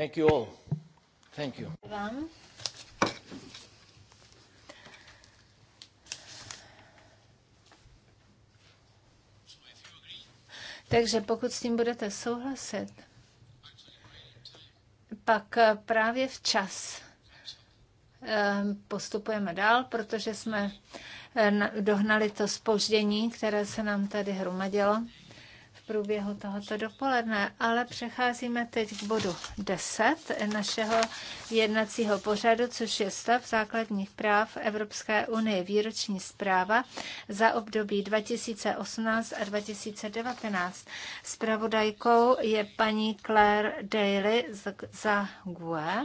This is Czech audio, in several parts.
Thank you all. Thank you. Vám. Takže pokud s tím budete souhlasit, pak právě včas eh, postupujeme dál, protože jsme eh, dohnali to spoždění, které se nám tady hromadilo průběhu tohoto dopoledne, ale přecházíme teď k bodu 10 našeho jednacího pořadu, což je stav základních práv Evropské unie výroční zpráva za období 2018 a 2019. Spravodajkou je paní Claire Daly za GUE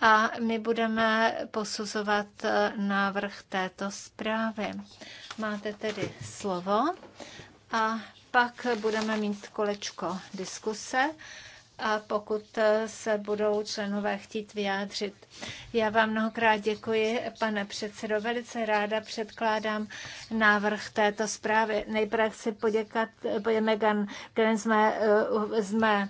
a my budeme posuzovat eh, návrh této zprávy. Máte tedy slovo a pak budeme mít kolečko diskuse a pokud se budou členové chtít vyjádřit. Já vám mnohokrát děkuji, pane předsedo. Velice ráda předkládám návrh této zprávy. Nejprve chci poděkat, Megan, kterým jsme, jsme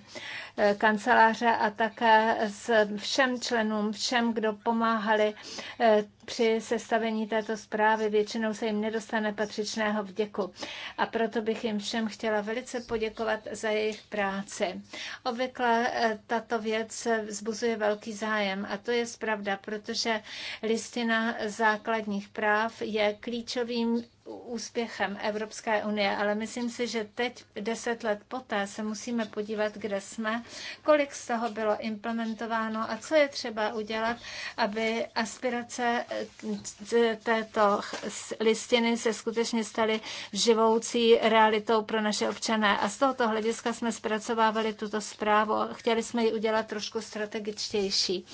E, kanceláře a také s všem členům, všem, kdo pomáhali e, při sestavení této zprávy. Většinou se jim nedostane patřičného vděku. A proto bych jim všem chtěla velice poděkovat za jejich práci. Obvykle e, tato věc vzbuzuje velký zájem a to je zpravda, protože listina základních práv je klíčovým úspěchem Evropské unie, ale myslím si, že teď, deset let poté, se musíme podívat, kde jsme, kolik z toho bylo implementováno a co je třeba udělat, aby aspirace této listiny se skutečně staly živoucí realitou pro naše občané. A z tohoto hlediska jsme zpracovávali tuto zprávu. Chtěli jsme ji udělat trošku strategičtější.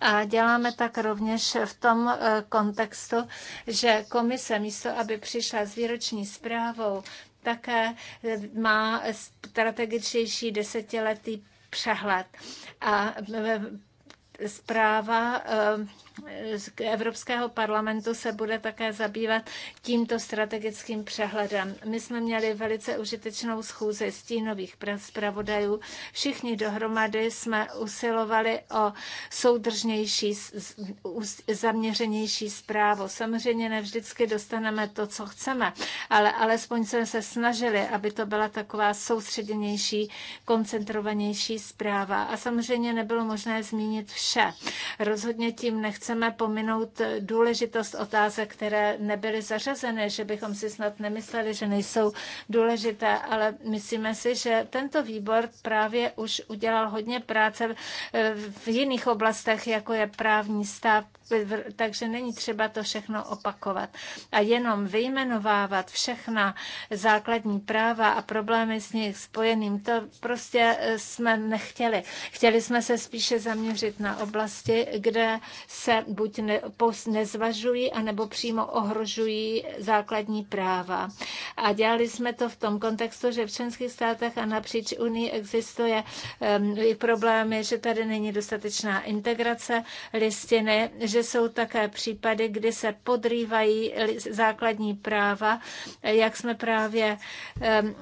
A děláme tak rovněž v tom eh, kontextu, že komise místo, aby při přišla s výroční zprávou, také má strategičtější desetiletý přehled. A e, e, zpráva e, Evropského parlamentu se bude také zabývat tímto strategickým přehledem. My jsme měli velice užitečnou schůzi stínových zpravodajů. Všichni dohromady jsme usilovali o soudržnější, zaměřenější zprávu. Samozřejmě ne vždycky dostaneme to, co chceme, ale alespoň jsme se snažili, aby to byla taková soustředěnější, koncentrovanější zpráva. A samozřejmě nebylo možné zmínit vše. Rozhodně tím nechci chceme pominout důležitost otázek, které nebyly zařazeny, že bychom si snad nemysleli, že nejsou důležité, ale myslíme si, že tento výbor právě už udělal hodně práce v jiných oblastech, jako je právní stav, takže není třeba to všechno opakovat. A jenom vyjmenovávat všechna základní práva a problémy s nich spojeným, to prostě eh, jsme nechtěli. Chtěli jsme se spíše zaměřit na oblasti, kde se buď ne, nezvažují, anebo přímo ohrožují základní práva. A dělali jsme to v tom kontextu, že v členských státech a napříč Unii existuje um, i problémy, že tady není dostatečná integrace listiny, že jsou také případy, kdy se podrývají základní práva, jak jsme právě um,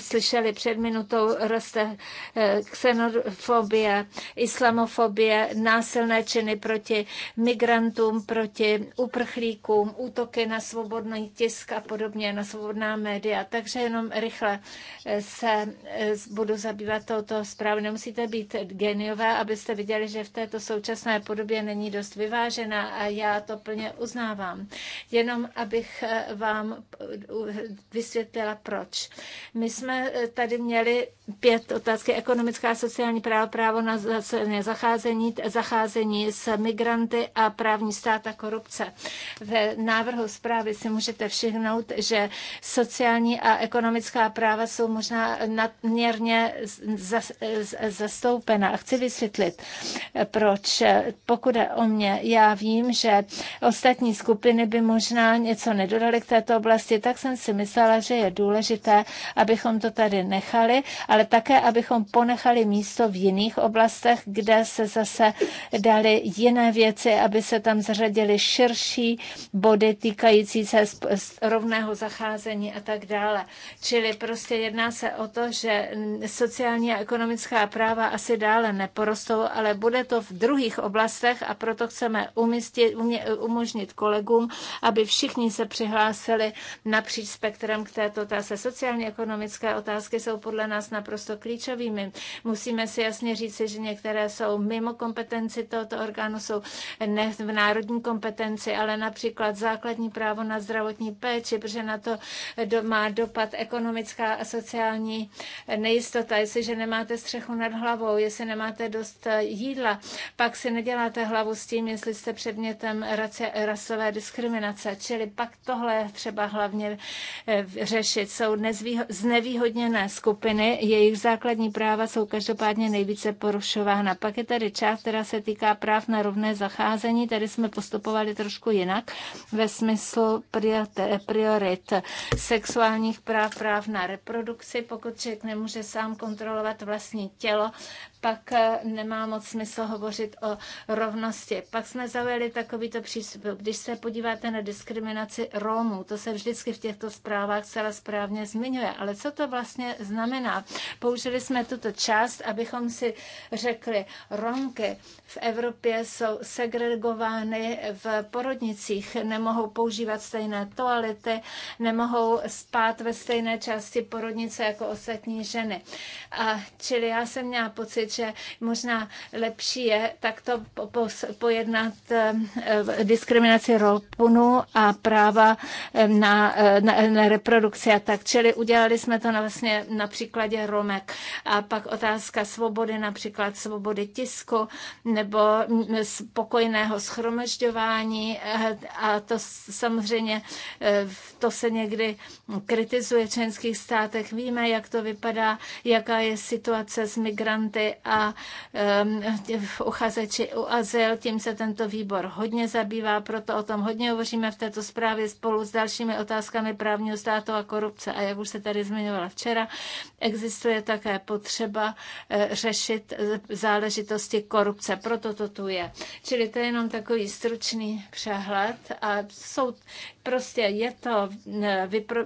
slyšeli před minutou, roste eh, xenofobie, islamofobie, násilné činy proti migrantům, proti uprchlíkům, útoky na svobodný tisk a podobně, na svobodná média. Takže jenom rychle se budu zabývat touto zprávou. Nemusíte být geniové, abyste viděli, že v této současné podobě není dost vyvážená a já to plně uznávám. Jenom abych vám vysvětlila, proč. My jsme tady měli pět otázky. Ekonomická, sociální právo, právo na zacházení, zacházení s migranty, migranty a právní stát a korupce. Ve návrhu zprávy si můžete všimnout, že sociální a ekonomická práva jsou možná nadměrně zastoupena. A chci vysvětlit, proč. Pokud je o mě, já vím, že ostatní skupiny by možná něco nedodaly k této oblasti, tak jsem si myslela, že je důležité, abychom to tady nechali, ale také, abychom ponechali místo v jiných oblastech, kde se zase dali jiné věci věci, aby se tam zařadily širší body týkající se rovného zacházení a tak dále. Čili prostě jedná se o to, že sociální a ekonomická práva asi dále neporostou, ale bude to v druhých oblastech a proto chceme umístit, umožnit kolegům, aby všichni se přihlásili napříč spektrem k této otázce. Sociálně ekonomické otázky jsou podle nás naprosto klíčovými. Musíme si jasně říci, že některé jsou mimo kompetenci tohoto orgánu, jsou ne v národní kompetenci, ale například základní právo na zdravotní péči, protože na to má dopad ekonomická a sociální nejistota. Jestliže nemáte střechu nad hlavou, jestli nemáte dost jídla, pak si neděláte hlavu s tím, jestli jste předmětem raci, rasové diskriminace. Čili pak tohle třeba hlavně eh, řešit. Jsou nezvýho, znevýhodněné skupiny, jejich základní práva jsou každopádně nejvíce porušována. Pak je tady část, která se týká práv na rovné zacházení zacházení. Tady jsme postupovali trošku jinak ve smyslu priorit sexuálních práv, práv na reprodukci, pokud člověk nemůže sám kontrolovat vlastní tělo, pak eh, nemá moc smysl hovořit o rovnosti. Pak jsme zaujali takovýto přístup. Když se podíváte na diskriminaci romů, to se vždycky v těchto zprávách celá správně zmiňuje. Ale co to vlastně znamená? Použili jsme tuto část, abychom si řekli, Romky v Evropě jsou segregovány v porodnicích, nemohou používat stejné toalety, nemohou spát ve stejné části porodnice jako ostatní ženy. A čili já jsem měla pocit, vědět, že možná lepší je takto pojednat eh, diskriminaci ropunu a práva eh, na, eh, na, na reprodukci a tak. Čili udělali jsme to na, vlastně na příkladě Romek. A pak otázka svobody, například svobody tisku nebo mm, spokojného schromažďování a to samozřejmě to se někdy kritizuje v členských státech. Víme, jak to vypadá, jaká je situace s migranty a uchazeči u azyl. Tím se tento výbor hodně zabývá, proto o tom hodně hovoříme v této zprávě spolu s dalšími otázkami právního státu a korupce. A jak už se tady zmiňovala včera, existuje také potřeba eh, řešit eh, záležitosti korupce. Proto to tu je. Čili to je jenom takový stručný přehled a jsou prostě je to eh, vypro,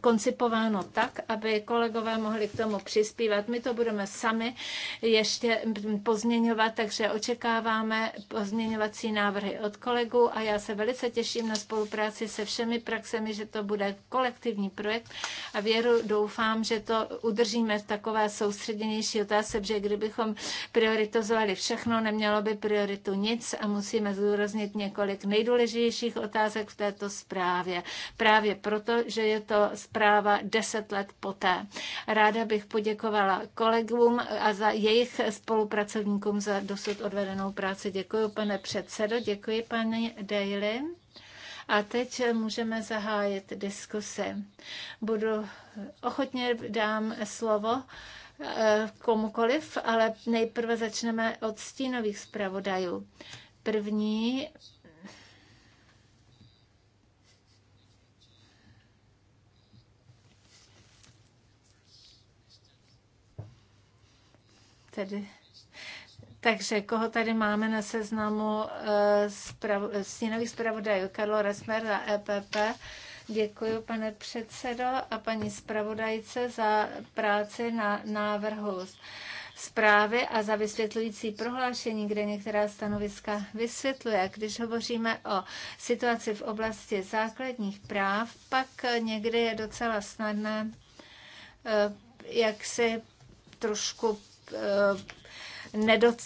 koncipováno tak, aby kolegové mohli k tomu přispívat. My to budeme sami sami ještě pozměňovat, takže očekáváme pozměňovací návrhy od kolegů a já se velice těším na spolupráci se všemi praxemi, že to bude kolektivní projekt a věru doufám, že to udržíme v takové soustředěnější otázce, že kdybychom prioritizovali všechno, nemělo by prioritu nic a musíme zúraznit několik nejdůležitějších otázek v této zprávě. Právě proto, že je to zpráva deset let poté. Ráda bych poděkovala kolegům a za jejich spolupracovníkům za dosud odvedenou práci. Děkuji, pane předsedo, děkuji, paní Daly. A teď můžeme zahájit diskuse. Budu ochotně dám slovo eh, komukoliv, ale nejprve začneme od stínových zpravodajů. První tedy. Takže koho tady máme na seznamu uh, stínových zpravodajů? Karlo Resmer za EPP. Děkuji, pane předsedo a paní zpravodajce za práci na návrhu zprávy a za vysvětlující prohlášení, kde některá stanoviska vysvětluje. Když hovoříme o situaci v oblasti základních práv, pak někdy je docela snadné eh, jak si trošku uh, nedoc-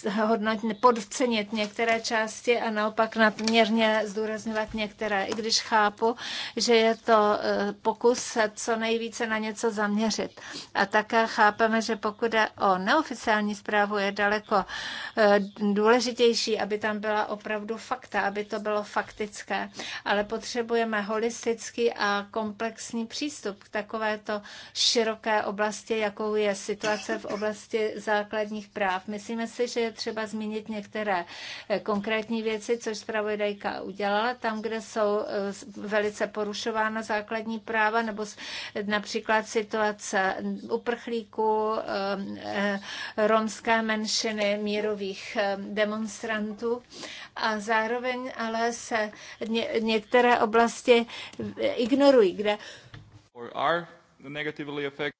podcenit některé části a naopak nadměrně zdůrazňovat některé, i když chápu, že je to e, pokus co nejvíce na něco zaměřit. A také chápeme, že pokud je o neoficiální zprávu, je daleko e, důležitější, aby tam byla opravdu fakta, aby to bylo faktické. Ale potřebujeme holistický a komplexní přístup k takovéto široké oblasti, jakou je situace v oblasti základních práv. Myslím, Myslíme si, že je třeba zmínit některé eh, konkrétní věci, což zpravodajka udělala, tam, kde jsou eh, velice porušována základní práva, nebo například situace uprchlíků, eh, romské menšiny, mírových demonstrantů. A zároveň ale se některé oblasti ignorují, kde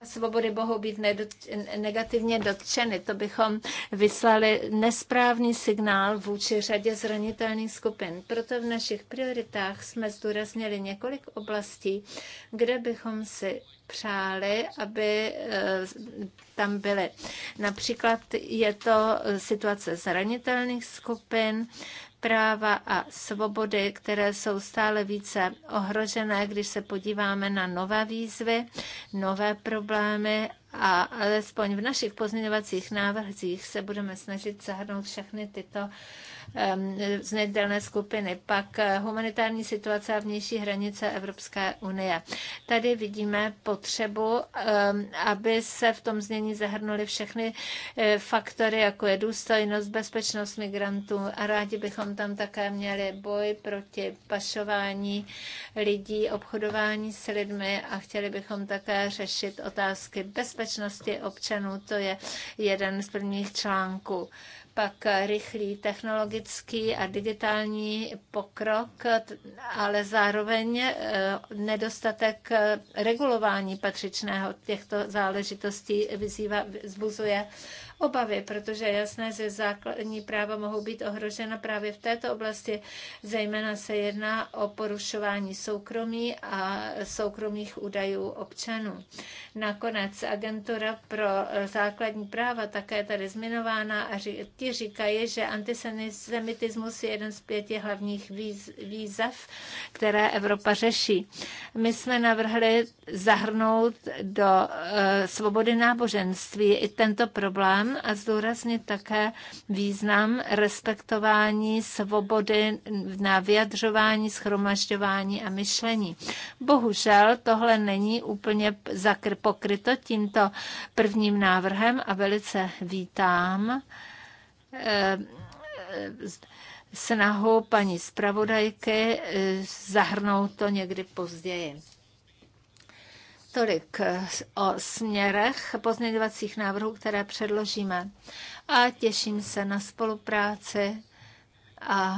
Svobody mohou být negativně dotčeny. To bychom vyslali nesprávný signál vůči řadě zranitelných skupin. Proto v našich prioritách jsme zdůraznili několik oblastí, kde bychom si přáli, aby eh, tam byly. Například je to eh, situace zranitelných skupin, práva a svobody, které jsou stále více ohrožené, když se podíváme na nové výzvy, nové problémy a alespoň v našich pozměňovacích návrzích se budeme snažit zahrnout všechny tyto nedělné skupiny. Pak eh, humanitární situace a vnější hranice Evropské unie. Tady vidíme potřebu, aby se v tom znění zahrnuly všechny eh, faktory, jako je důstojnost, bezpečnost migrantů a rádi bychom tam také měli boj proti pašování lidí, obchodování s lidmi a chtěli bychom také řešit otázky bezpečnosti občanů. To je jeden z prvních článků pak rychlý technologický a digitální pokrok, ale zároveň eh, nedostatek eh, regulování patřičného těchto záležitostí vyzývá, vzbuzuje obavy, protože je jasné, že základní práva mohou být ohrožena právě v této oblasti. Zejména se jedná o porušování soukromí a soukromých údajů občanů. Nakonec agentura pro základní práva také tady zmiňována a ti říkají, že antisemitismus je jeden z pěti hlavních výzev, které Evropa řeší. My jsme navrhli zahrnout do eh, svobody náboženství i tento problém, a zdůraznit také význam respektování svobody na vyjadřování, schromažďování a myšlení. Bohužel tohle není úplně pokryto tímto prvním návrhem a velice vítám eh, eh, snahu paní zpravodajky eh, zahrnout to někdy později. Tolik eh, o směrech pozměňovacích návrhů, které předložíme. A těším se na spolupráci a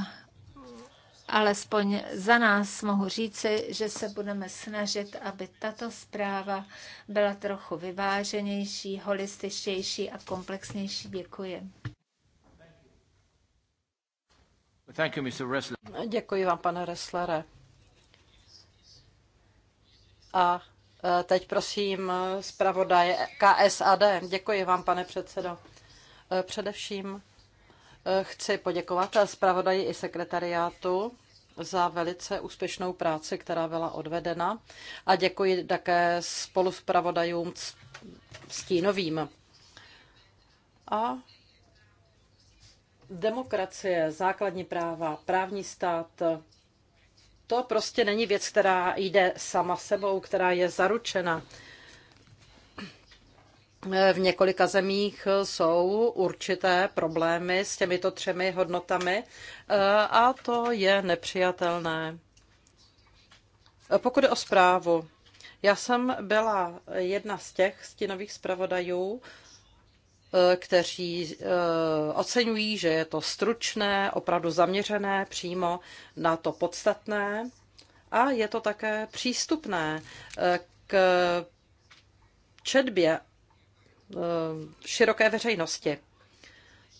alespoň za nás mohu říci, že se budeme snažit, aby tato zpráva byla trochu vyváženější, holističtější a komplexnější. Děkuji. Děkuji vám, pane Resslere. A Eh, teď prosím eh, zpravodaje KSAD. Děkuji vám, pane předsedo. Eh, především chci poděkovat zpravodaji i sekretariátu za velice úspěšnou práci, která byla odvedena a děkuji také spolu s pravodajům stínovým. A demokracie, základní práva, právní stát, to prostě není věc, která jde sama sebou, která je zaručena. V několika zemích jsou určité problémy s těmito třemi hodnotami eh, a to je nepřijatelné. Pokud je o zprávu, já jsem byla jedna z těch stinových zpravodajů, Eh, kteří eh, oceňují, že je to stručné, opravdu zaměřené přímo na to podstatné a je to také přístupné eh, k četbě široké veřejnosti.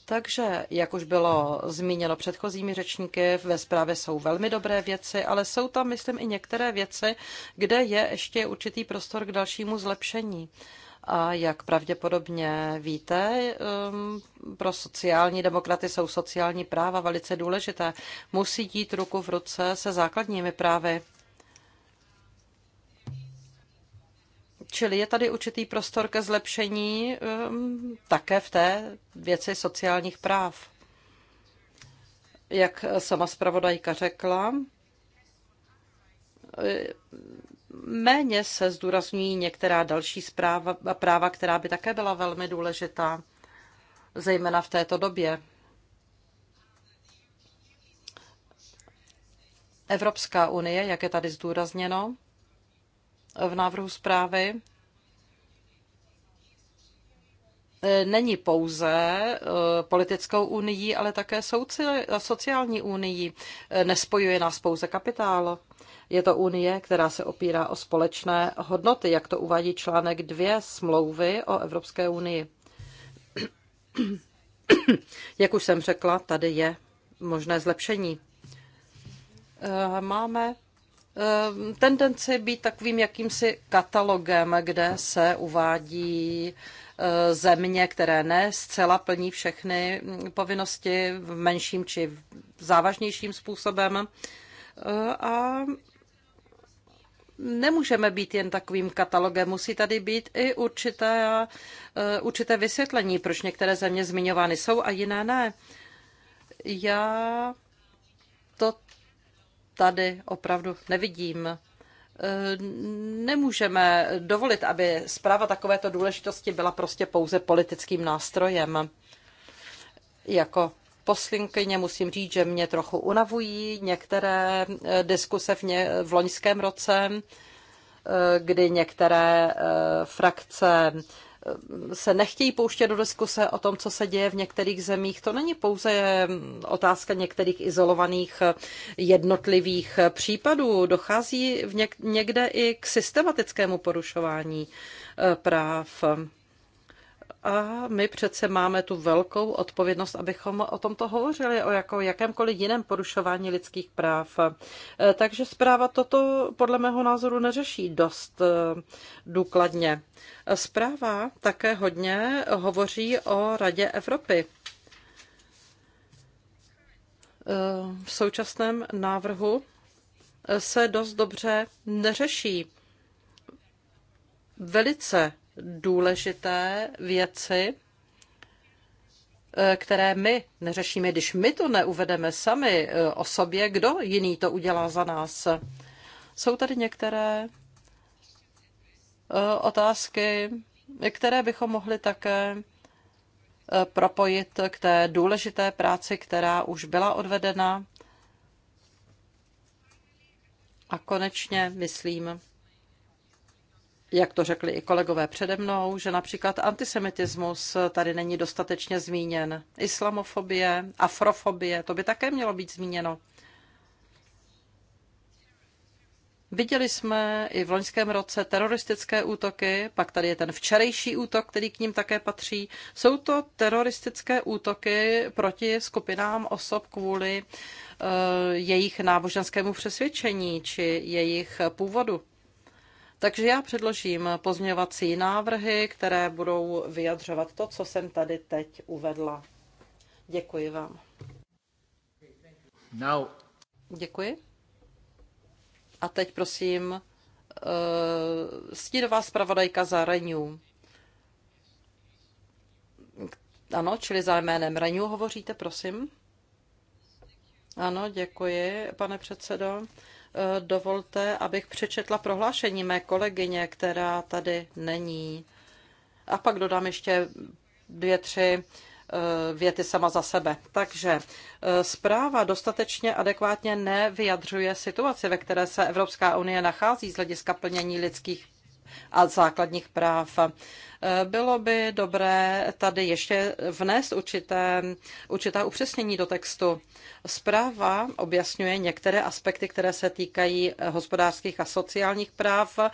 Takže, jak už bylo zmíněno předchozími řečníky, ve zprávě jsou velmi dobré věci, ale jsou tam, myslím, i některé věci, kde je ještě určitý prostor k dalšímu zlepšení. A jak pravděpodobně víte, um, pro sociální demokraty jsou sociální práva velice důležité. Musí jít ruku v ruce se základními právy. Čili je tady určitý prostor ke zlepšení um, také v té věci sociálních práv. Jak sama zpravodajka řekla, méně se zdůrazňují některá další zpráva, práva, která by také byla velmi důležitá, zejména v této době. Evropská unie, jak je tady zdůrazněno v návrhu zprávy, není pouze eh, politickou unii, ale také sociální unii. Nespojuje nás pouze kapitál. Je to unie, která se opírá o společné hodnoty, jak to uvádí článek 2 smlouvy o Evropské unii. jak už jsem řekla, tady je možné zlepšení. Eh, máme eh, tendenci být takovým jakýmsi katalogem, kde se uvádí eh, země, které ne zcela plní všechny hm, povinnosti v menším či závažnějším způsobem. A nemůžeme být jen takovým katalogem, musí tady být i určité, eh, určité vysvětlení, proč některé země zmiňovány jsou a jiné ne. Já to tady opravdu nevidím. Eh, nemůžeme dovolit, aby zpráva takovéto důležitosti byla prostě pouze politickým nástrojem jako poslinkyně musím říct, že mě trochu unavují některé eh, diskuse v, ně, v loňském roce, eh, kdy některé eh, frakce se nechtějí pouštět do diskuse o tom, co se děje v některých zemích. To není pouze hm, otázka některých izolovaných jednotlivých případů. Dochází v něk- někde i k systematickému porušování práv. A my přece máme tu velkou odpovědnost, abychom o tomto hovořili, o jako jakémkoliv jiném porušování lidských práv. E, takže zpráva toto podle mého názoru neřeší dost e, důkladně. Zpráva také hodně hovoří o Radě Evropy. E, v současném návrhu se dost dobře neřeší velice důležité věci, eh, které my neřešíme. Když my to neuvedeme sami eh, o sobě, kdo jiný to udělá za nás? Jsou tady některé eh, otázky, které bychom mohli také propojit k té důležité práci, která už byla odvedena. A konečně, myslím, jak to řekli i kolegové přede mnou, že například antisemitismus tady není dostatečně zmíněn. Islamofobie, afrofobie, to by také mělo být zmíněno. Viděli jsme i v loňském roce teroristické útoky, pak tady je ten včerejší útok, který k ním také patří. Jsou to teroristické útoky proti skupinám osob kvůli uh, jejich náboženskému přesvědčení či jejich původu. Takže já předložím pozměňovací návrhy, které budou vyjadřovat to, co jsem tady teď uvedla. Děkuji vám. Now. Děkuji. A teď prosím uh, stínová zpravodajka za Renew. Ano, čili za jménem Renew hovoříte, prosím. Ano, děkuji, pane předsedo. Eh, dovolte, abych přečetla prohlášení mé kolegyně, která tady není. A pak dodám ještě dvě, tři eh, věty sama za sebe. Takže eh, zpráva dostatečně adekvátně nevyjadřuje situaci, ve které se Evropská unie nachází z hlediska plnění lidských a základních práv. Bylo by dobré tady ještě vnést určité, určitá upřesnění do textu. Zpráva objasňuje některé aspekty, které se týkají hospodářských a sociálních práv, eh,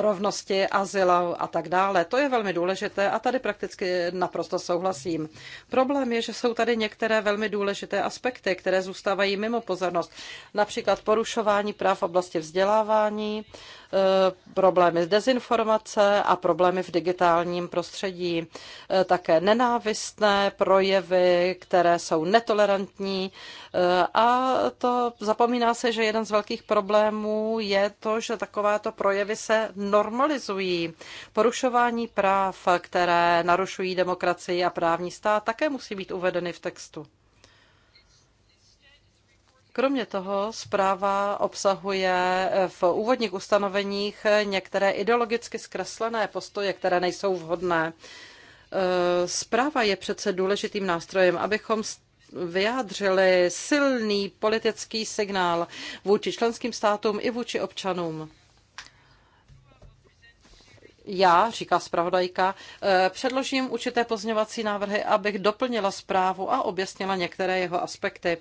rovnosti, azyla a tak dále. To je velmi důležité a tady prakticky naprosto souhlasím. Problém je, že jsou tady některé velmi důležité aspekty, které zůstávají mimo pozornost. Například porušování práv v oblasti vzdělávání, eh, problémy s dezinformace a problémy v digitální digitálním prostředí. Eh, také nenávistné projevy, které jsou netolerantní. Eh, a to zapomíná se, že jeden z velkých problémů je to, že takovéto projevy se normalizují. Porušování práv, které narušují demokracii a právní stát, také musí být uvedeny v textu. Kromě toho zpráva obsahuje eh, v úvodních ustanoveních některé ideologicky zkreslené postoje, které nejsou vhodné. Eh, zpráva je přece důležitým nástrojem, abychom vyjádřili silný politický signál vůči členským státům i vůči občanům. Já, říká zpravodajka, eh, předložím určité pozněvací návrhy, abych doplnila zprávu a objasnila některé jeho aspekty.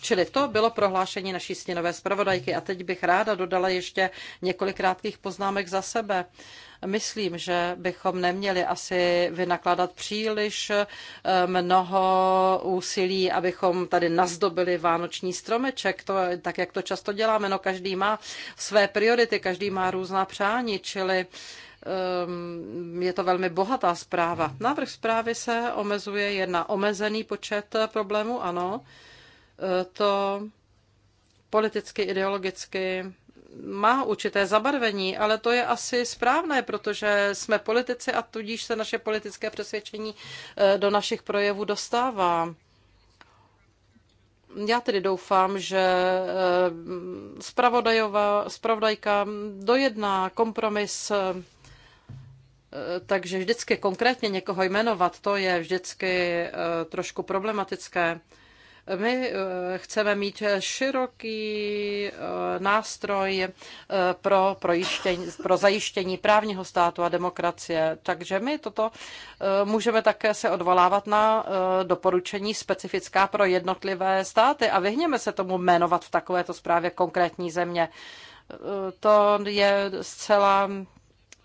Čili to bylo prohlášení naší stěnové zpravodajky. A teď bych ráda dodala ještě několik krátkých poznámek za sebe. Myslím, že bychom neměli asi vynakládat příliš eh, mnoho úsilí, abychom tady nazdobili vánoční stromeček, to, tak jak to často děláme. No, každý má své priority, každý má různá přání, čili ehm, je to velmi bohatá zpráva. Návrh zprávy se omezuje jen na omezený počet problémů, ano to politicky, ideologicky má určité zabarvení, ale to je asi správné, protože jsme politici a tudíž se naše politické přesvědčení eh, do našich projevů dostává. Já tedy doufám, že eh, spravodajka dojedná kompromis, eh, takže vždycky konkrétně někoho jmenovat, to je vždycky trošku problematické. My eh, chceme mít široký eh, nástroj eh, pro, projištění, pro zajištění právního státu a demokracie, takže my toto můžeme také se odvolávat na doporučení specifická pro jednotlivé státy a vyhněme se tomu jmenovat v takovéto zprávě konkrétní země. To je zcela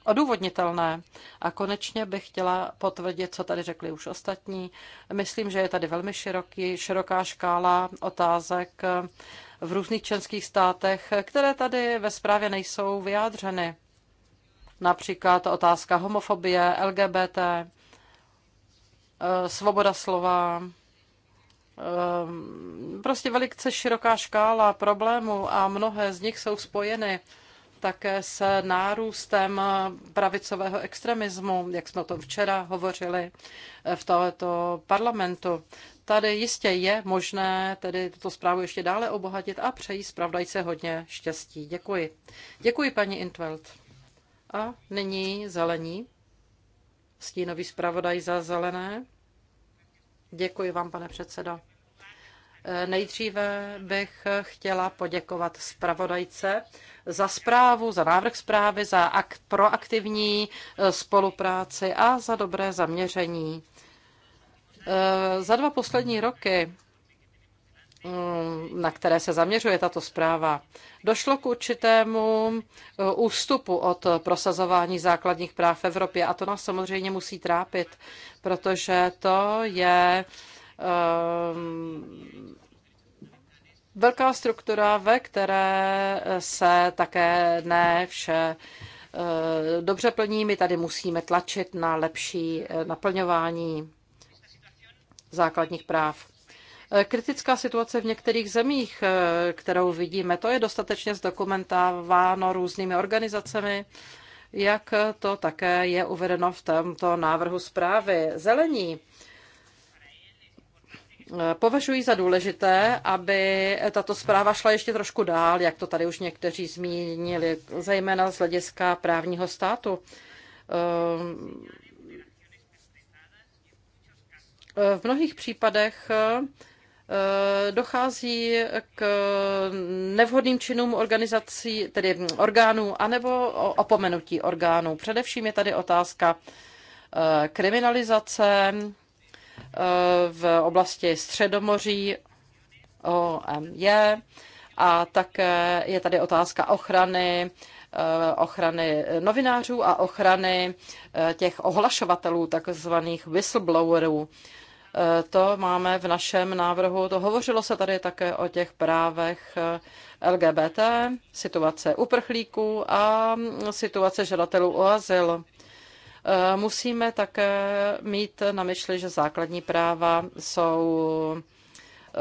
odůvodnitelné. A konečně bych chtěla potvrdit, co tady řekli už ostatní. Myslím, že je tady velmi široký, široká škála otázek v různých členských státech, které tady ve zprávě nejsou vyjádřeny. Například otázka homofobie, LGBT, eh, svoboda slova, eh, prostě velice široká škála problémů a mnohé z nich jsou spojeny také s nárůstem pravicového extremismu, jak jsme o tom včera hovořili eh, v tohoto parlamentu. Tady jistě je možné tedy tuto zprávu ještě dále obohatit a přeji zpravdajce hodně štěstí. Děkuji. Děkuji, paní Intveld. A nyní zelení. Stínový zpravodaj za zelené. Děkuji vám, pane předsedo. Nejdříve bych chtěla poděkovat zpravodajce za zprávu, za návrh zprávy, za akt, proaktivní eh, spolupráci a za dobré zaměření. Eh, za dva poslední roky mm, na které se zaměřuje tato zpráva, došlo k určitému eh, ústupu od prosazování základních práv v Evropě a to nás samozřejmě musí trápit, protože to je Ehm, velká struktura, ve které se také ne vše eh, dobře plní. My tady musíme tlačit na lepší eh, naplňování základních práv. Eh, kritická situace v některých zemích, kterou vidíme, to je dostatečně zdokumentováno různými organizacemi, jak to také je uvedeno v tomto návrhu zprávy. Zelení Považuji za důležité, aby tato zpráva šla ještě trošku dál, jak to tady už někteří zmínili, zejména z hlediska právního státu. Ehm, v mnohých případech ehm, dochází k nevhodným činům organizací, tedy orgánů, anebo opomenutí orgánů. Především je tady otázka ehm, kriminalizace v oblasti Středomoří, OMJ, a také je tady otázka ochrany eh, ochrany novinářů a ochrany eh, těch ohlašovatelů, takzvaných whistleblowerů. Eh, to máme v našem návrhu. To hovořilo se tady také o těch právech LGBT, situace uprchlíků a mm, situace žadatelů o azyl. Eh, musíme také mít na mysli, že základní práva jsou eh,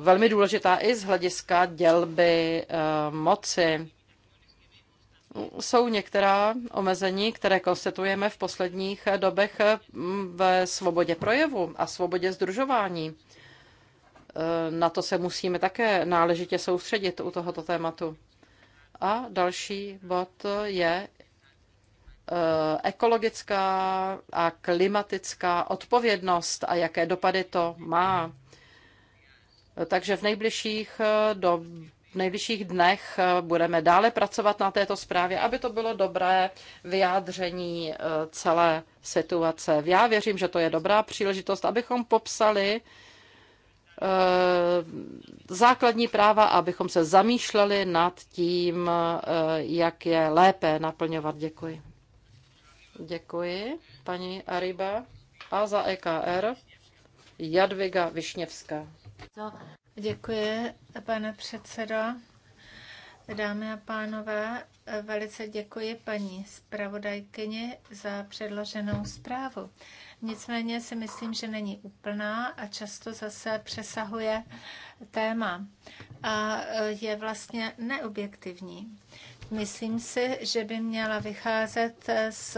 velmi důležitá i z hlediska dělby eh, moci. Jsou některá omezení, které konstituujeme v posledních dobech ve svobodě projevu a svobodě združování. Na to se musíme také náležitě soustředit u tohoto tématu. A další bod je Eh, ekologická a klimatická odpovědnost a jaké dopady to má. Takže v nejbližších, eh, do, v nejbližších dnech eh, budeme dále pracovat na této zprávě, aby to bylo dobré vyjádření celé situace. Já věřím, že to je dobrá příležitost, abychom popsali základní práva, abychom se zamýšleli nad tím, jak je lépe naplňovat. Děkuji. Děkuji, paní Ariba. A za EKR Jadviga Višněvská. Děkuji, pane předsedo. Dámy a pánové, velice děkuji paní zpravodajkyni za předloženou zprávu. Nicméně si myslím, že není úplná a často zase přesahuje téma a je vlastně neobjektivní. Myslím si, že by měla vycházet z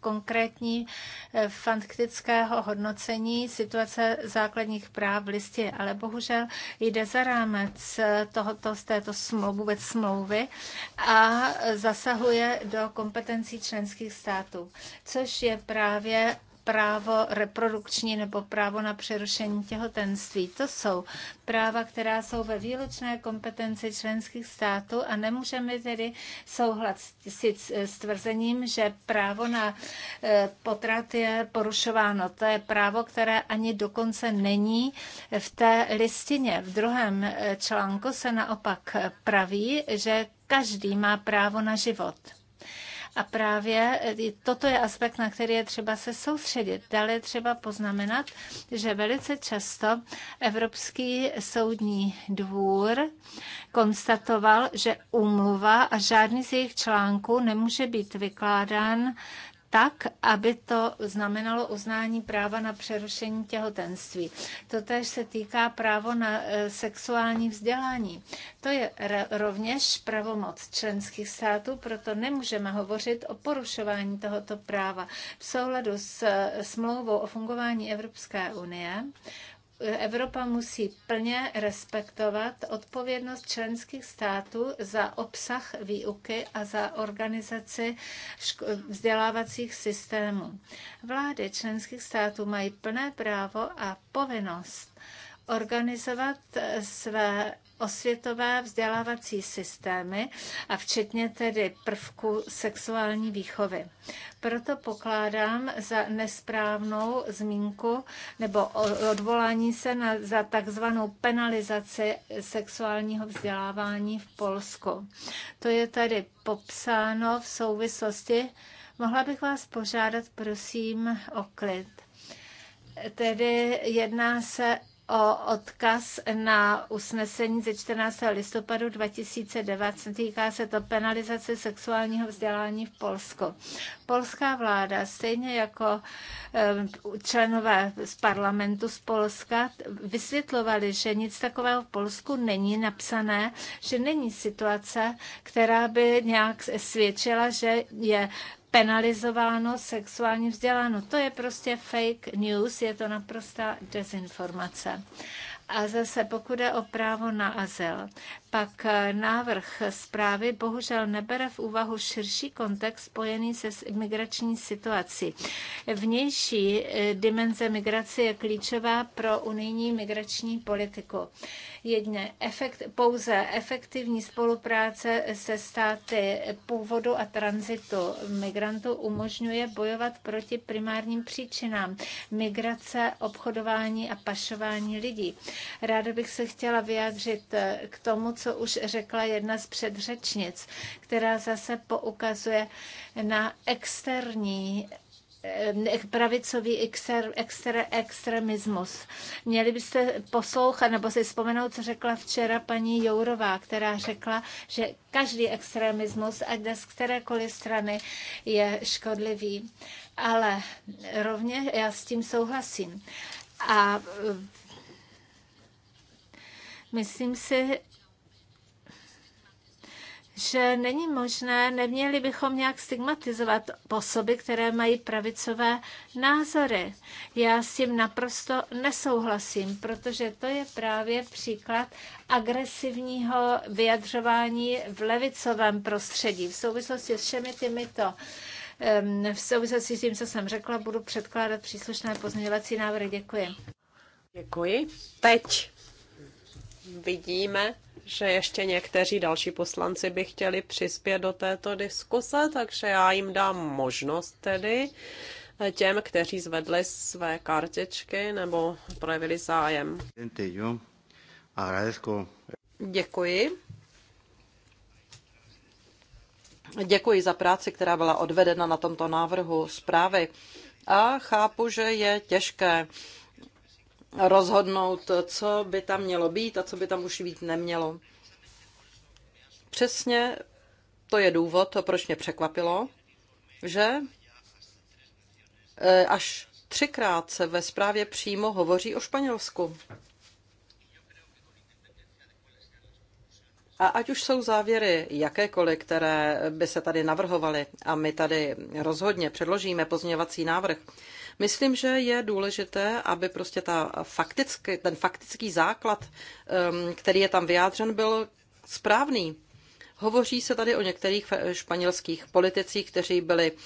konkrétní eh, faktického hodnocení situace základních práv v listě, ale bohužel jde za rámec eh, tohoto, z této smlouvy, vůbec smlouvy a zasahuje do kompetencí členských států, což je právě právo reprodukční nebo právo na přerušení těhotenství. To jsou práva, která jsou ve výlučné kompetenci členských států a nemůžeme tedy souhlasit s tvrzením, že právo na eh, potrat je porušováno. To je právo, které ani dokonce není v té listině. V druhém eh, článku se naopak praví, že každý má právo na život. A právě eh, toto je aspekt, na který je třeba se soustředit. Dále je třeba poznamenat, že velice často Evropský soudní dvůr konstatoval, že úmluva a žádný z jejich článků nemůže být vykládán tak, aby to znamenalo uznání práva na přerušení těhotenství. Totež se týká právo na e, sexuální vzdělání. To je rovněž pravomoc členských států, proto nemůžeme hovořit o porušování tohoto práva. V souladu s e, smlouvou o fungování Evropské unie Evropa musí plně respektovat odpovědnost členských států za obsah výuky a za organizaci vzdělávacích systémů. Vlády členských států mají plné právo a povinnost organizovat své osvětové vzdělávací systémy a včetně tedy prvku sexuální výchovy. Proto pokládám za nesprávnou zmínku nebo odvolání se na, za takzvanou penalizaci sexuálního vzdělávání v Polsku. To je tady popsáno v souvislosti. Mohla bych vás požádat, prosím, o klid. Tedy jedná se o odkaz na usnesení ze 14. listopadu 2009. Týká se to penalizace sexuálního vzdělání v Polsku. Polská vláda, stejně jako eh, členové z parlamentu z Polska, vysvětlovali, že nic takového v Polsku není napsané, že není situace, která by nějak svědčila, že je penalizováno sexuální vzděláno. To je prostě fake news, je to naprostá dezinformace. A zase pokud je o právo na azyl, pak eh, návrh zprávy bohužel nebere v úvahu širší kontext spojený se migrační situací. Vnější eh, dimenze migrace je klíčová pro unijní migrační politiku. Jedně efekt, pouze efektivní spolupráce se státy původu a tranzitu migrantů umožňuje bojovat proti primárním příčinám migrace, obchodování a pašování lidí. Ráda bych se chtěla vyjádřit eh, k tomu, co co už řekla jedna z předřečnic, která zase poukazuje na externí eh, pravicový exer, exter, extremismus. Měli byste poslouchat nebo si vzpomenout, co řekla včera paní Jourová, která řekla, že každý extremismus, ať z kterékoliv strany, je škodlivý. Ale rovně já s tím souhlasím. A eh, myslím si, že není možné, neměli bychom nějak stigmatizovat osoby, které mají pravicové názory. Já s tím naprosto nesouhlasím, protože to je právě příklad agresivního vyjadřování v levicovém prostředí. V souvislosti s všemi těmito v souvislosti s tím, co jsem řekla, budu předkládat příslušné pozměňovací návrhy. Děkuji. Děkuji. Teď vidíme, že ještě někteří další poslanci by chtěli přispět do této diskuse, takže já jim dám možnost tedy těm, kteří zvedli své kartičky nebo projevili zájem. Děkuji. Děkuji za práci, která byla odvedena na tomto návrhu zprávy. A chápu, že je těžké rozhodnout, co by tam mělo být a co by tam už být nemělo. Přesně to je důvod, proč mě překvapilo, že e, až třikrát se ve zprávě přímo hovoří o Španělsku. A ať už jsou závěry jakékoliv, které by se tady navrhovaly, a my tady rozhodně předložíme pozměňovací návrh, Myslím, že je důležité, aby prostě ta faktický, ten faktický základ, um, který je tam vyjádřen, byl správný. Hovoří se tady o některých španělských politicích, kteří byli uh,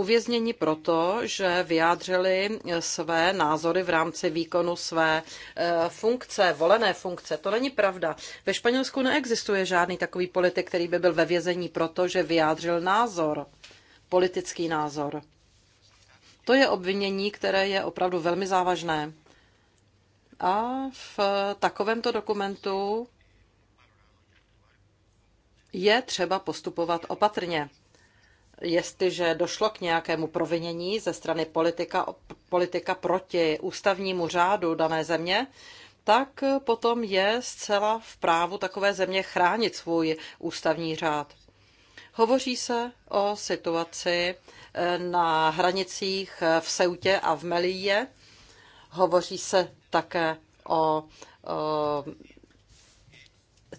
uvězněni proto, že vyjádřili uh, své názory v rámci výkonu své uh, funkce, volené funkce. To není pravda. Ve Španělsku neexistuje žádný takový politik, který by byl ve vězení proto, že vyjádřil názor, politický názor. To je obvinění, které je opravdu velmi závažné. A v takovémto dokumentu je třeba postupovat opatrně. Jestliže došlo k nějakému provinění ze strany politika, politika proti ústavnímu řádu dané země, tak potom je zcela v právu takové země chránit svůj ústavní řád. Hovoří se o situaci na hranicích v Seutě a v Melíje. Hovoří se také o, o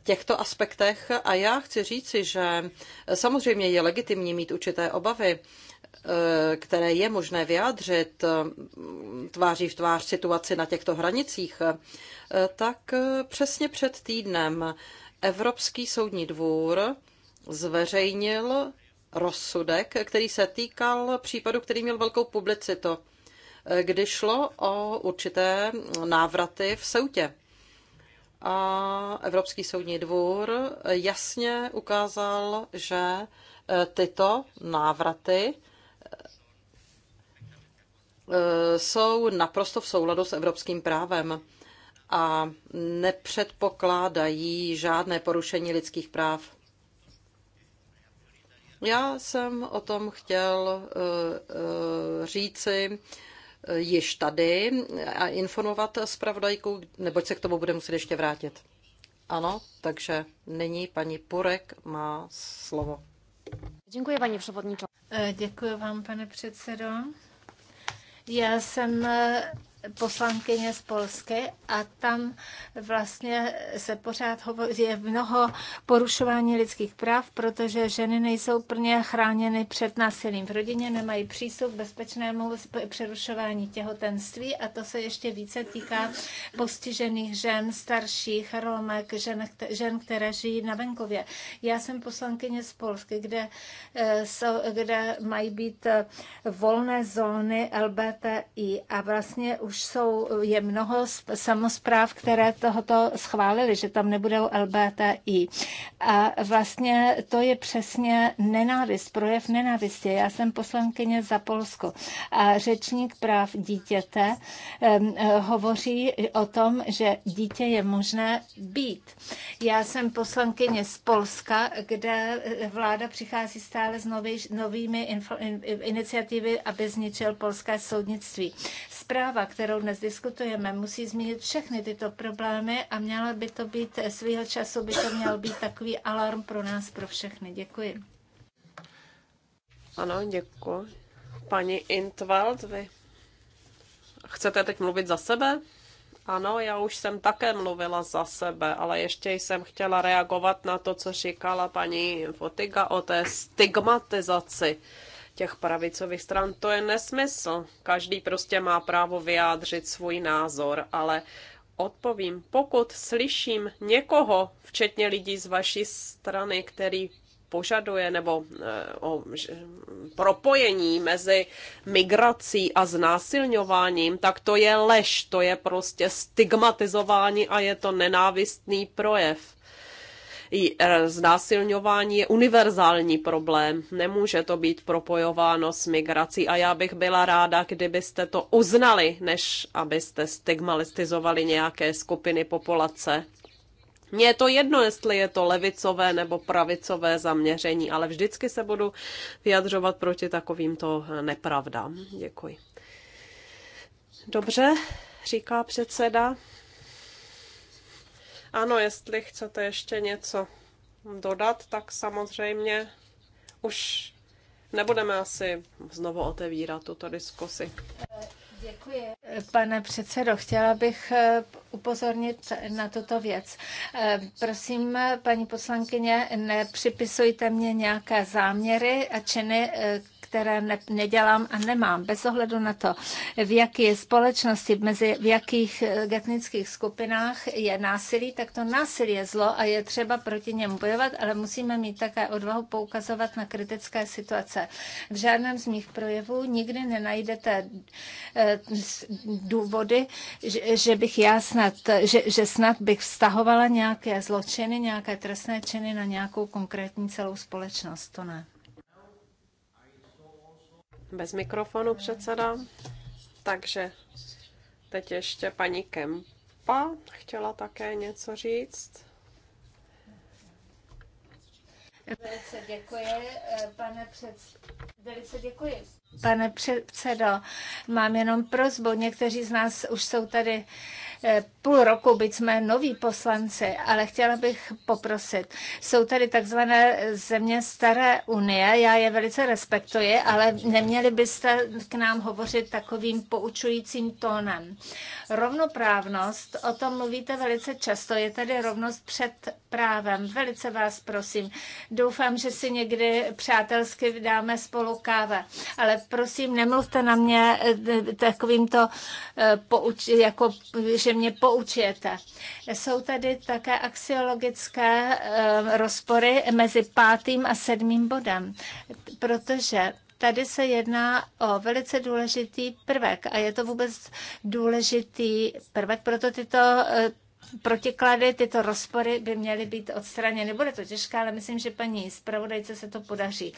těchto aspektech a já chci říci, že samozřejmě je legitimní mít určité obavy, e, které je možné vyjádřit e, tváří v tvář situaci na těchto hranicích, e, tak přesně před týdnem Evropský soudní dvůr zveřejnil rozsudek, který se týkal případu, který měl velkou publicitu, eh, kdy šlo o určité návraty v Seutě. A Evropský soudní dvůr jasně ukázal, že eh, tyto návraty eh, jsou naprosto v souladu s evropským právem a nepředpokládají žádné porušení lidských práv. Já jsem o tom chtěl eh, eh, říci eh, již tady a informovat zpravodajku, neboť se k tomu bude muset ještě vrátit. Ano, takže nyní paní Purek má slovo. Děkuji, paní převodníčko. Děkuji vám, pane předsedo. Já jsem poslankyně z Polsky a tam vlastně se pořád hovoří, je mnoho porušování lidských práv, protože ženy nejsou plně chráněny před násilím v rodině, nemají přístup k bezpečnému přerušování těhotenství a to se ještě více týká postižených žen, starších, romek, žen, žen které žijí na venkově. Já jsem poslankyně z Polsky, kde, eh, jsou, kde mají být eh, volné zóny LBTI a vlastně už už jsou, je mnoho samozpráv, které tohoto schválili, že tam nebudou LBTI. A vlastně to je přesně nenávist, projev nenávistě. Já jsem poslankyně za Polsko a řečník práv dítěte hovoří o tom, že dítě je možné být. Já jsem poslankyně z Polska, kde eh, vláda přichází stále s nový, novými iniciativy, aby zničil polské soudnictví. Zpráva, kterou dnes diskutujeme, musí zmínit všechny tyto problémy a měla by to být svého času, by to měl být takový alarm pro nás, pro všechny. Děkuji. Ano, děkuji. Paní Intwald, vy chcete teď mluvit za sebe? Ano, já už jsem také mluvila za sebe, ale ještě jsem chtěla reagovat na to, co říkala paní Fotiga o té stigmatizaci těch pravicových stran, to je nesmysl. Každý prostě má právo vyjádřit svůj názor, ale odpovím, pokud slyším někoho, včetně lidí z vaší strany, který požaduje nebo eh, o propojení mezi migrací a znásilňováním, tak to je lež, to je prostě stigmatizování a je to nenávistný projev. E, znásilňování je univerzální problém. Nemůže to být propojováno s migrací a já bych byla ráda, kdybyste to uznali, než abyste stigmatizovali nějaké skupiny populace. Mně je to jedno, jestli je to levicové nebo pravicové zaměření, ale vždycky se budu vyjadřovat proti takovýmto nepravdám. Děkuji. Dobře, říká předseda. Ano, jestli chcete ještě něco dodat, tak samozřejmě už nebudeme asi znovu otevírat tuto diskusi. Děkuji. Pane předsedo, chtěla bych eh, upozornit na tuto věc. Eh, prosím, paní poslankyně, nepřipisujte mě nějaké záměry a činy, eh, které ne, nedělám a nemám, bez ohledu na to, v jaké společnosti, mezi, v jakých eh, etnických skupinách je násilí, tak to násilí je zlo a je třeba proti němu bojovat, ale musíme mít také odvahu poukazovat na kritické situace. V žádném z mých projevů nikdy nenajdete eh, důvody, že bych já snad, že, že snad bych vztahovala nějaké zločiny, nějaké trestné činy na nějakou konkrétní celou společnost. To ne. Bez mikrofonu předseda. Takže teď ještě paní Kempa chtěla také něco říct. Velice děkuji, pane předsedo. Velice děkuji. Pane předsedo, mám jenom prozbu. Někteří z nás už jsou tady půl roku, byť jsme noví poslanci, ale chtěla bych poprosit. Jsou tady takzvané země Staré unie, já je velice respektuji, ale neměli byste k nám hovořit takovým poučujícím tónem. Rovnoprávnost, o tom mluvíte velice často, je tady rovnost před právem. Velice vás prosím. Doufám, že si někdy přátelsky vydáme spolu káve, ale prosím, nemluvte na mě eh, takovýmto eh, pouč, jako, že mě poučujete. Jsou tady také axiologické eh, rozpory mezi pátým a sedmým bodem, protože tady se jedná o velice důležitý prvek a je to vůbec důležitý prvek, proto tyto eh, protiklady, tyto rozpory by měly být odstraněny. Bude to těžké, ale myslím, že paní zpravodajce se to podaří.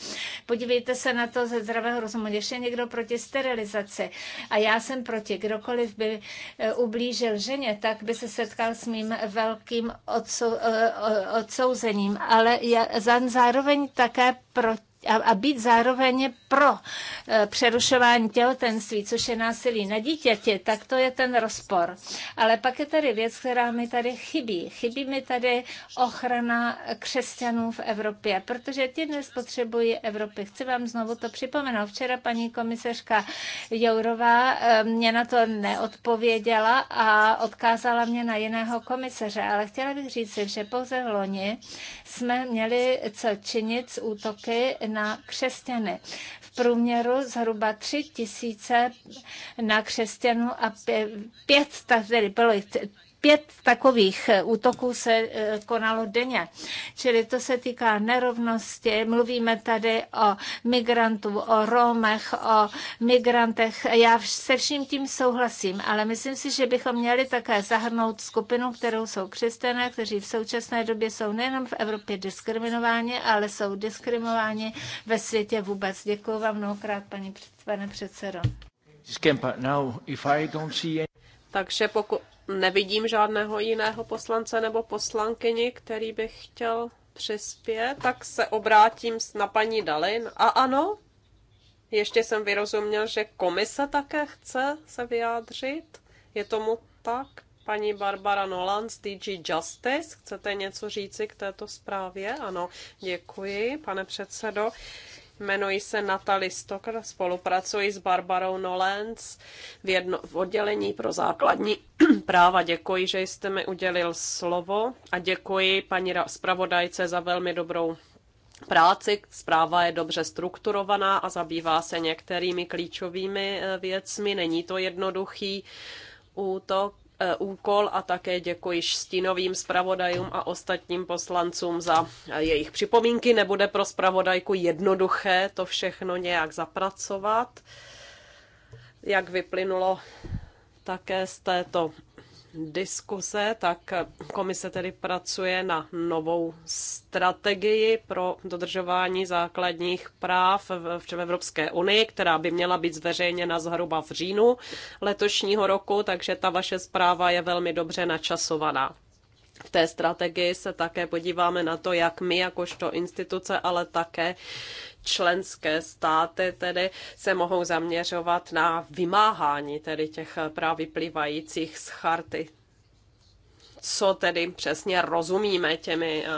Podívejte se na to ze zdravého rozumu. Když je někdo proti sterilizaci a já jsem proti, kdokoliv by eh, ublížil ženě, tak by se setkal s mým velkým odsou, eh, odsouzením. Ale já zároveň také proti a, a být zároveň pro e, přerušování těhotenství, což je násilí na dítěti, tak to je ten rozpor. Ale pak je tady věc, která mi tady chybí. Chybí mi tady ochrana křesťanů v Evropě, protože ti dnes potřebují Evropy. Chci vám znovu to připomenout. Včera paní komisařka Jourová e, mě na to neodpověděla a odkázala mě na jiného komisaře, ale chtěla bych říct, že pouze v loni jsme měli co činit s útoky na křesťany. V průměru zhruba tři tisíce na křesťanů a pět, tedy bylo pět takových eh, útoků se eh, konalo denně. Čili to se týká nerovnosti. Mluvíme tady o migrantů, o Romech, o migrantech. Já se vším tím souhlasím, ale myslím si, že bychom měli také zahrnout skupinu, kterou jsou křesťané, kteří v současné době jsou nejenom v Evropě diskriminováni, ale jsou diskriminováni ve světě vůbec. Děkuji vám mnohokrát, paní, pane předsedo. Takže pokud, Nevidím žádného jiného poslance nebo poslankyni, který by chtěl přispět, tak se obrátím na paní Dalin. A ano, ještě jsem vyrozuměl, že komise také chce se vyjádřit. Je tomu tak? Paní Barbara Nolan z DG Justice, chcete něco říci k této zprávě? Ano, děkuji, pane předsedo. Uh, Jmenuji se Natali Stoker, spolupracuji s Barbarou Nolens v, jedno, v oddělení pro základní práva. Děkuji, že jste mi udělil slovo a děkuji paní zpravodajce za velmi dobrou práci. Zpráva je dobře strukturovaná a zabývá se některými klíčovými eh, věcmi. Není to jednoduchý útok Eh, úkol a také děkuji stínovým zpravodajům a ostatním poslancům za eh, jejich připomínky. Nebude pro zpravodajku jednoduché to všechno nějak zapracovat, jak vyplynulo také z této diskuse, tak komise tedy pracuje na novou strategii pro dodržování základních práv v Evropské unii, která by měla být zveřejněna zhruba v říjnu letošního roku, takže ta vaše zpráva je velmi dobře načasovaná v té strategii se také podíváme na to, jak my jakožto instituce, ale také členské státy tedy se mohou zaměřovat na vymáhání tedy těch práv vyplývajících z charty. Co tedy přesně rozumíme těmi, eh,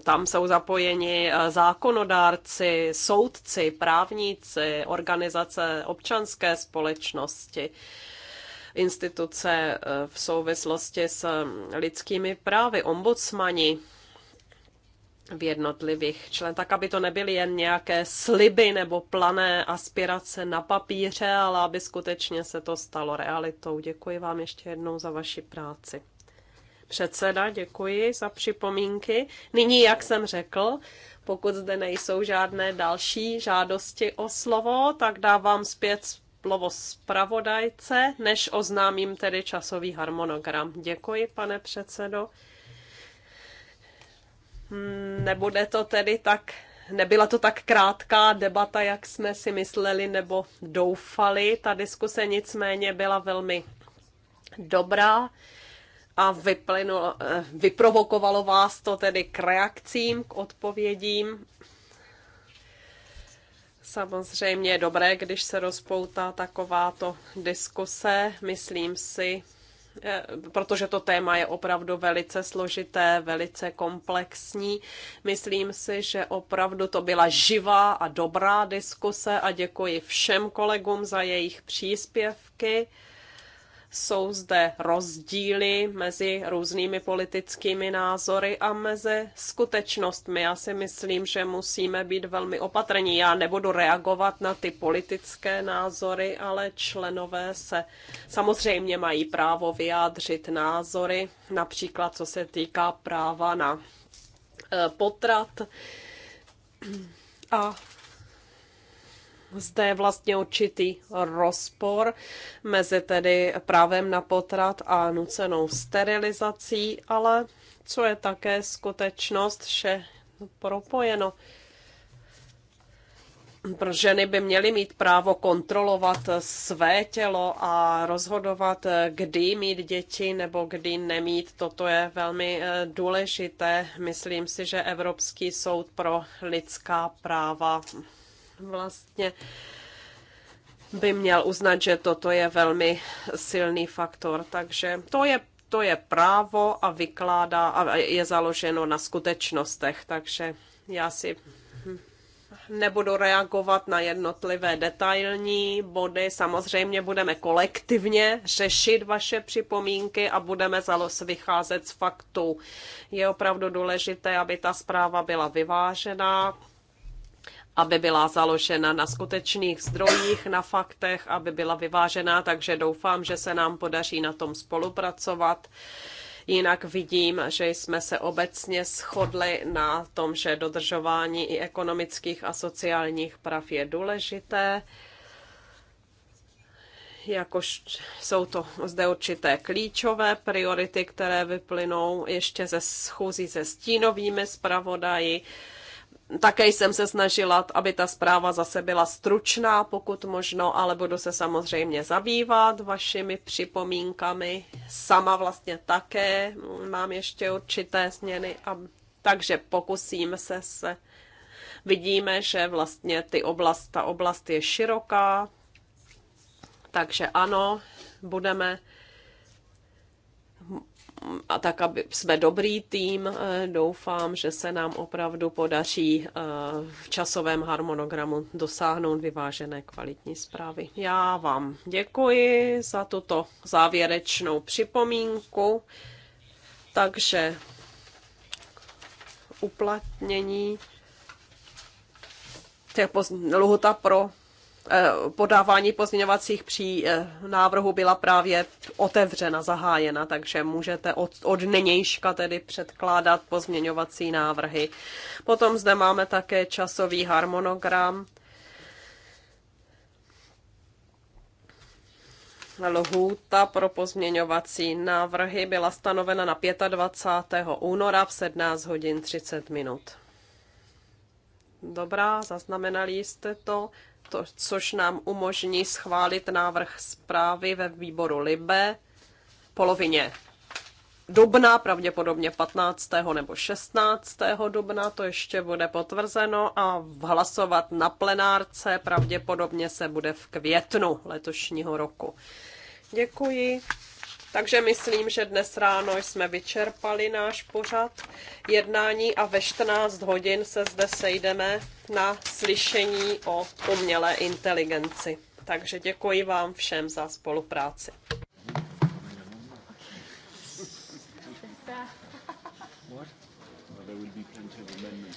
tam jsou zapojeni eh, zákonodárci, soudci, právníci, organizace občanské společnosti instituce eh, v souvislosti s lidskými právy, ombudsmani v jednotlivých člen, tak aby to nebyly jen nějaké sliby nebo plané aspirace na papíře, ale aby skutečně se to stalo realitou. Děkuji vám ještě jednou za vaši práci. Předseda, děkuji za připomínky. Nyní, jak jsem řekl, pokud zde nejsou žádné další žádosti o slovo, tak dávám zpět slovo zpravodajce, než oznámím tedy časový harmonogram. Děkuji, pane předsedo. Hmm, nebude to tedy tak, nebyla to tak krátká debata, jak jsme si mysleli nebo doufali. Ta diskuse nicméně byla velmi dobrá a vyplynulo, eh, vyprovokovalo vás to tedy k reakcím, k odpovědím Samozřejmě je dobré, když se rozpoutá takováto diskuse, myslím si, eh, protože to téma je opravdu velice složité, velice komplexní. Myslím si, že opravdu to byla živá a dobrá diskuse a děkuji všem kolegům za jejich příspěvky jsou zde rozdíly mezi různými politickými názory a mezi skutečnostmi. Já si myslím, že musíme být velmi opatrní. Já nebudu reagovat na ty politické názory, ale členové se samozřejmě mají právo vyjádřit názory, například co se týká práva na eh, potrat. A zde je vlastně určitý rozpor mezi tedy právem na potrat a nucenou sterilizací, ale co je také skutečnost, že propojeno. Ženy by měly mít právo kontrolovat své tělo a rozhodovat, kdy mít děti nebo kdy nemít. Toto je velmi eh, důležité. Myslím si, že Evropský soud pro lidská práva vlastně by měl uznat, že toto je velmi silný faktor. Takže to je, to je právo a vykládá a je založeno na skutečnostech. Takže já si nebudu reagovat na jednotlivé detailní body. Samozřejmě budeme kolektivně řešit vaše připomínky a budeme zalos vycházet z faktů. Je opravdu důležité, aby ta zpráva byla vyvážená, aby byla založena na skutečných zdrojích, na faktech, aby byla vyvážená, takže doufám, že se nám podaří na tom spolupracovat. Jinak vidím, že jsme se obecně shodli na tom, že dodržování i ekonomických a sociálních práv je důležité. Jakož jsou to zde určité klíčové priority, které vyplynou ještě ze schůzí se stínovými zpravodaji také jsem se snažila, aby ta zpráva zase byla stručná, pokud možno, ale budu se samozřejmě zabývat vašimi připomínkami. Sama vlastně také mám ještě určité změny, a, takže pokusím se se. Vidíme, že vlastně ty oblast, ta oblast je široká, takže ano, budeme a tak, aby jsme dobrý tým. Eh, doufám, že se nám opravdu podaří eh, v časovém harmonogramu dosáhnout vyvážené kvalitní zprávy. Já vám děkuji za tuto závěrečnou připomínku. Takže uplatnění těch poz... lhuta pro Eh, podávání pozměňovacích pří eh, návrhů byla právě otevřena, zahájena, takže můžete od, od nynějška tedy předkládat pozměňovací návrhy. Potom zde máme také časový harmonogram. Lhůta pro pozměňovací návrhy byla stanovena na 25. února v 17 hodin 30 minut. Dobrá, zaznamenali jste to to, což nám umožní schválit návrh zprávy ve výboru Libe polovině dubna, pravděpodobně 15. nebo 16. dubna, to ještě bude potvrzeno a hlasovat na plenárce pravděpodobně se bude v květnu letošního roku. Děkuji. Takže myslím, že dnes ráno jsme vyčerpali náš pořad jednání a ve 14 hodin se zde sejdeme na slyšení o umělé inteligenci. Takže děkuji vám všem za spolupráci. there be plenty of amendments.